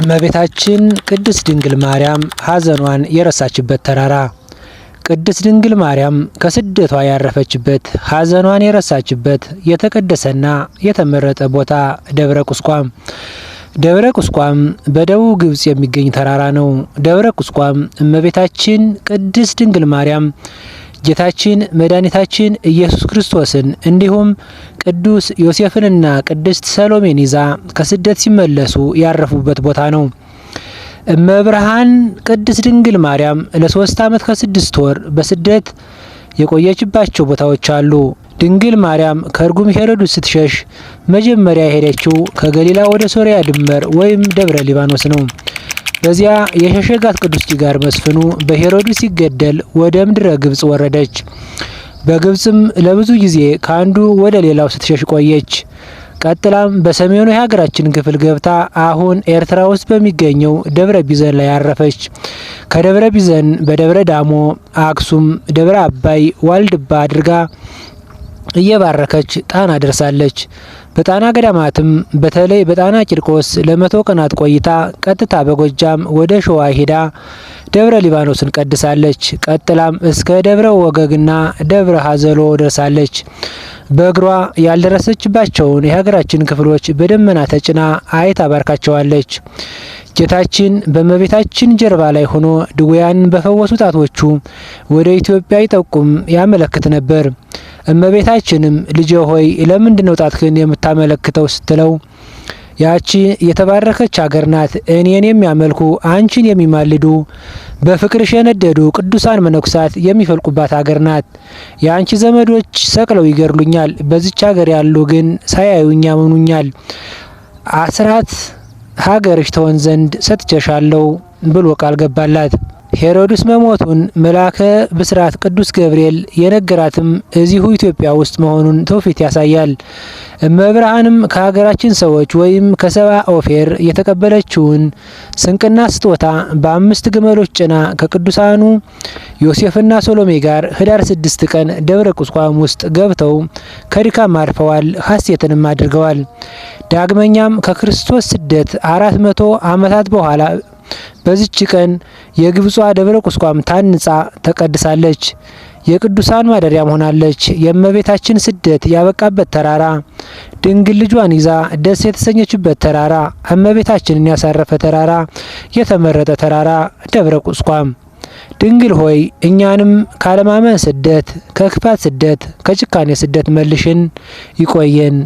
እመቤታችን ቅድስት ድንግል ማርያም ሐዘኗን የረሳችበት ተራራ። ቅድስት ድንግል ማርያም ከስደቷ ያረፈችበት ሐዘኗን የረሳችበት የተቀደሰና የተመረጠ ቦታ ደብረ ቁስቋም። ደብረ ቁስቋም በደቡብ ግብጽ የሚገኝ ተራራ ነው። ደብረ ቁስቋም እመቤታችን ቅድስት ድንግል ማርያም ጌታችን መድኃኒታችን ኢየሱስ ክርስቶስን እንዲሁም ቅዱስ ዮሴፍንና ቅድስት ሰሎሜን ይዛ ከስደት ሲመለሱ ያረፉበት ቦታ ነው። እመብርሃን ቅድስት ድንግል ማርያም ለሶስት ዓመት ከስድስት ወር በስደት የቆየችባቸው ቦታዎች አሉ። ድንግል ማርያም ከእርጉም ሄሮድስ ስትሸሽ መጀመሪያ የሄደችው ከገሊላ ወደ ሶሪያ ድንበር ወይም ደብረ ሊባኖስ ነው። በዚያ የሸሸጋት ቅዱስ ጅጋር መስፍኑ በሄሮድስ ሲገደል ወደ ምድረ ግብጽ ወረደች። በግብጽም ለብዙ ጊዜ ከአንዱ ወደ ሌላው ስትሸሽ ቆየች። ቀጥላም በሰሜኑ የሀገራችን ክፍል ገብታ አሁን ኤርትራ ውስጥ በሚገኘው ደብረ ቢዘን ላይ አረፈች። ከደብረ ቢዘን በደብረ ዳሞ፣ አክሱም፣ ደብረ አባይ፣ ዋልድባ አድርጋ እየባረከች ጣና ደርሳለች። በጣና ገዳማትም በተለይ በጣና ቂርቆስ ለመቶ ቀናት ቆይታ ቀጥታ በጎጃም ወደ ሸዋ ሂዳ ደብረ ሊባኖስን ቀድሳለች። ቀጥላም እስከ ደብረ ወገግና ደብረ ሀዘሎ ደርሳለች። በእግሯ ያልደረሰችባቸውን የሀገራችን ክፍሎች በደመና ተጭና አይት አባርካቸዋለች። ጌታችን በመቤታችን ጀርባ ላይ ሆኖ ድውያንን በፈወሱ ጣቶቹ ወደ ኢትዮጵያ ይጠቁም ያመለክት ነበር። እመቤታችንም ልጄ ሆይ ለምንድን ነው የምታመለክተው ስትለው ያቺ የተባረከች አገር ናት። እኔን የሚያመልኩ አንቺን የሚማልዱ በፍቅርሽ የነደዱ ቅዱሳን መነኩሳት የሚፈልቁባት አገር ናት። የአንቺ ዘመዶች ሰቅለው ይገድሉኛል፣ በዚች አገር ያሉ ግን ሳያዩኝ ያምኑኛል። አስራት ሀገርሽ ትሆን ዘንድ ሰጥቼሻለሁ ብሎ ቃል ገባላት። ሄሮድስ መሞቱን መልአከ ብስራት ቅዱስ ገብርኤል የነገራትም እዚሁ ኢትዮጵያ ውስጥ መሆኑን ትውፊት ያሳያል። እመብርሃንም ከሀገራችን ሰዎች ወይም ከሰባ ኦፌር የተቀበለችውን ስንቅና ስጦታ በአምስት ግመሎች ጭና ከቅዱሳኑ ዮሴፍና ሶሎሜ ጋር ህዳር ስድስት ቀን ደብረ ቁስቋም ውስጥ ገብተው ከድካም አርፈዋል፣ ሀሴትንም አድርገዋል። ዳግመኛም ከክርስቶስ ስደት አራት መቶ ዓመታት በኋላ በዚች ቀን የግብጿ ደብረ ቁስቋም ታንጻ ተቀድሳለች። የቅዱሳን ማደሪያም ሆናለች። የእመቤታችን ስደት ያበቃበት ተራራ፣ ድንግል ልጇን ይዛ ደስ የተሰኘችበት ተራራ፣ እመቤታችንን ያሳረፈ ተራራ፣ የተመረጠ ተራራ ደብረ ቁስቋም። ድንግል ሆይ እኛንም ካለማመን ስደት፣ ከክፋት ስደት፣ ከጭካኔ ስደት መልሽን፣ ይቆየን።